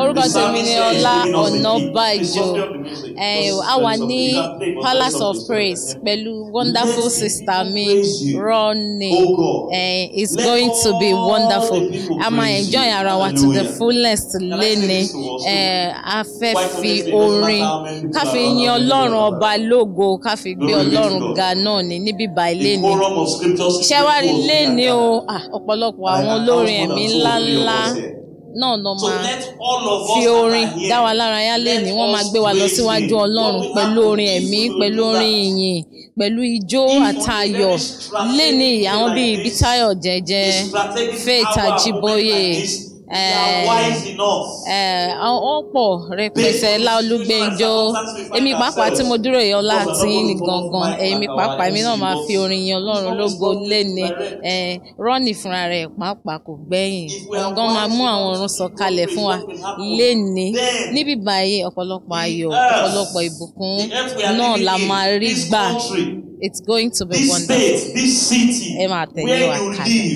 orúkọ tèmi ni uh, Ọlá Ọ̀nàbàjọ a wà ní Palace of Praise pẹ̀lú wonderful sister mi Ronnie uh, it's going to be wonderful a máa enjoy ara wa to the fullest léni a fẹ́ fi orin ká fi yin Ọlọ́run ọba lógo ká fi gbé Ọlọ́run ga náà ní níbí báyìí léni ṣẹ́wárí léni o ah, ọ̀pọ̀lọpọ̀ àwọn olórin ẹ̀mí ńláńlá náà lọ máa fi orin dá wa lárayá lénìí wọ́n máa gbé wa lọ síwájú Ọlọ́run pẹ̀lú orin ẹ̀mí pẹ̀lú orin ìyìn pẹ̀lú ijó àtayọ̀ lénìí àwọn bíi Bítáyọ̀ Jẹ́jẹ́ Faith Ajíbóyè wọ́n pọ̀ rẹpẹtẹ lálùgbẹ́jọ́ èmi pàápàá tí mo dúró yẹn ọlá àti yìnyín gangan èmi pàápàá èmi náà máa fi orin yẹn ọlọ́run lógo lẹ́ni eh, rọ́ọ̀nì fúnra rẹ̀ pàápàá kò gbẹ̀yìn gangan máa mú àwọn ọ̀run sọ kalẹ̀ fún wa lẹ́ni níbi báyìí ọ̀pọ̀lọpọ̀ ayọ̀ ọ̀pọ̀lọpọ̀ ìbùkún náà la máa rí gbà it's going to be wonderful ẹ máa tẹ̀lé wa kalẹ̀.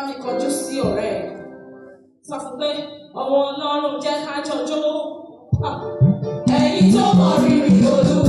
bá mi kọjú sí ọ̀rẹ́ ẹ̀ sọ fún pé ọmọ ọlọ́run jẹ́ ká jọjọ́ ah, ẹ̀yin tó mọ rírì olú.